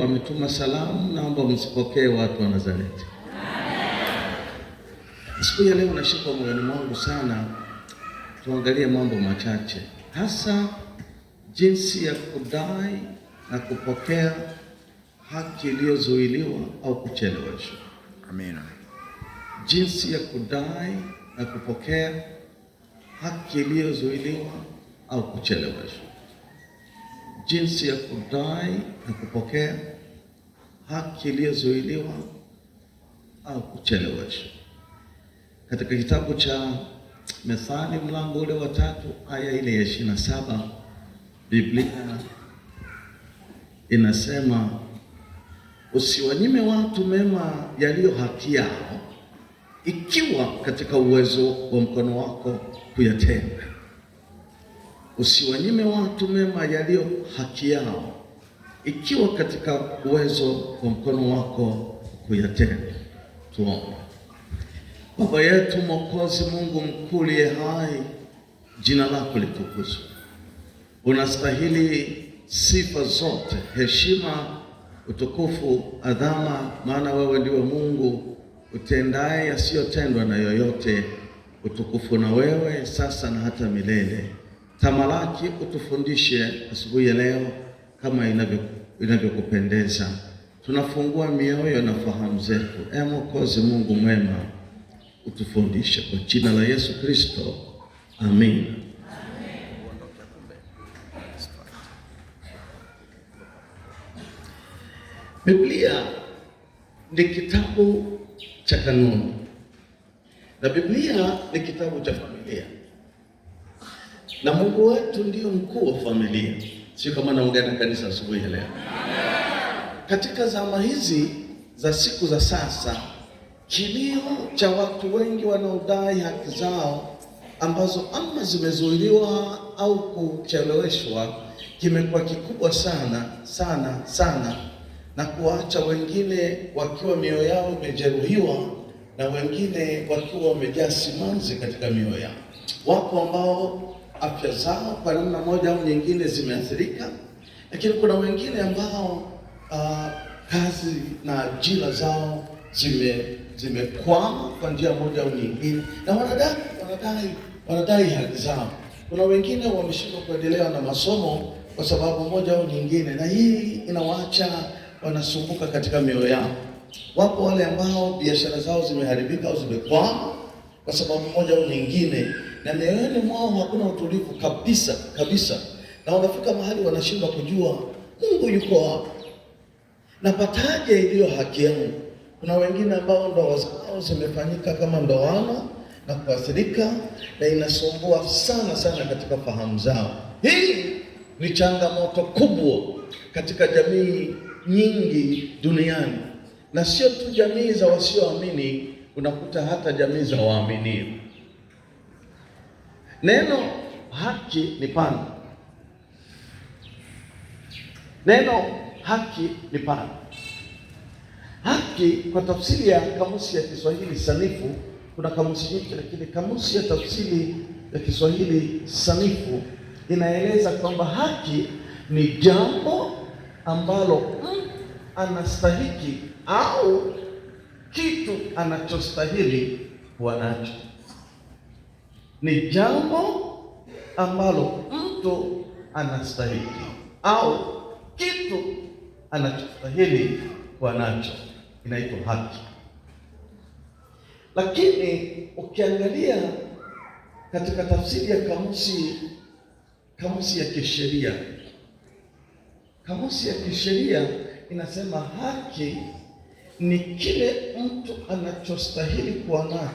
Wametuma salamu, naomba msipokee watu wa Nazareti. Siku ya leo nashikwa moyoni mwangu sana, tuangalie mambo machache, hasa jinsi ya kudai na kupokea haki iliyozuiliwa au kucheleweshwa. Amina. Jinsi ya kudai na kupokea haki iliyozuiliwa au kucheleweshwa jinsi ya kudai na kupokea haki iliyozuiliwa au kucheleweshwa. Katika kitabu cha Methali mlango ule wa tatu aya ile ya ishirini na saba Biblia inasema usiwanyime watu mema yaliyo haki yao, ikiwa katika uwezo wa mkono wako kuyatenda. Usiwanyime watu mema yaliyo haki yao, ikiwa katika uwezo wa mkono wako kuyatenda. Tuombe. Baba yetu Mwokozi, Mungu mkuu liye hai, jina lako litukuzwe. Unastahili sifa zote, heshima, utukufu, adhama, maana wewe ndiwe Mungu utendaye yasiyotendwa na yoyote. Utukufu na wewe sasa na hata milele. Tamalaki utufundishe asubuhi ya leo kama inavyokupendeza. Tunafungua mioyo na fahamu zetu. E Mwokozi Mungu mwema, utufundishe kwa jina la Yesu Kristo, amin. Biblia ni kitabu cha kanuni na Biblia ni kitabu cha familia na Mungu wetu ndio mkuu wa familia. Sio kama naongea na kanisa asubuhi ya leo. Katika zama hizi za siku za sasa, kilio cha watu wengi wanaodai haki zao ambazo ama zimezuiliwa au kucheleweshwa kimekuwa kikubwa sana sana sana, na kuwaacha wengine wakiwa mioyo yao imejeruhiwa na wengine wakiwa wamejaa simanzi katika mioyo yao. Wapo ambao afya zao kwa namna moja au nyingine zimeathirika, lakini kuna wengine ambao uh, kazi na ajira zao zime zimekwama kwa njia moja au nyingine, na wanadai wanadai wanadai haki zao. Kuna wengine wameshindwa kuendelea na masomo kwa sababu moja au nyingine, na hii inawaacha wanasumbuka katika mioyo yao. Wapo wale ambao biashara zao zimeharibika au zimekwama kwa sababu moja au nyingine na mioyoni mwao hakuna utulivu kabisa kabisa, na wanafika mahali wanashindwa kujua Mungu yuko wapi, napataje iliyo haki yangu. Kuna wengine ambao ndoa zao zimefanyika kama ndoana na kuathirika, na inasumbua sana sana katika fahamu zao. Hii ni changamoto kubwa katika jamii nyingi duniani, na sio tu jamii za wasioamini, unakuta hata jamii za waaminio Neno haki ni pana, neno haki ni pana. Haki kwa tafsiri ya kamusi ya Kiswahili sanifu, kuna kamusi nyingi, lakini kamusi ya tafsiri ya Kiswahili sanifu inaeleza kwamba haki ni jambo ambalo mtu anastahiki au kitu anachostahili kuwa nacho ni jambo ambalo mtu anastahili au kitu anachostahili kuwa nacho, inaitwa haki. Lakini ukiangalia katika tafsiri ya kamusi, kamusi ya kisheria, kamusi ya kisheria inasema haki ni kile mtu anachostahili kuwa nacho.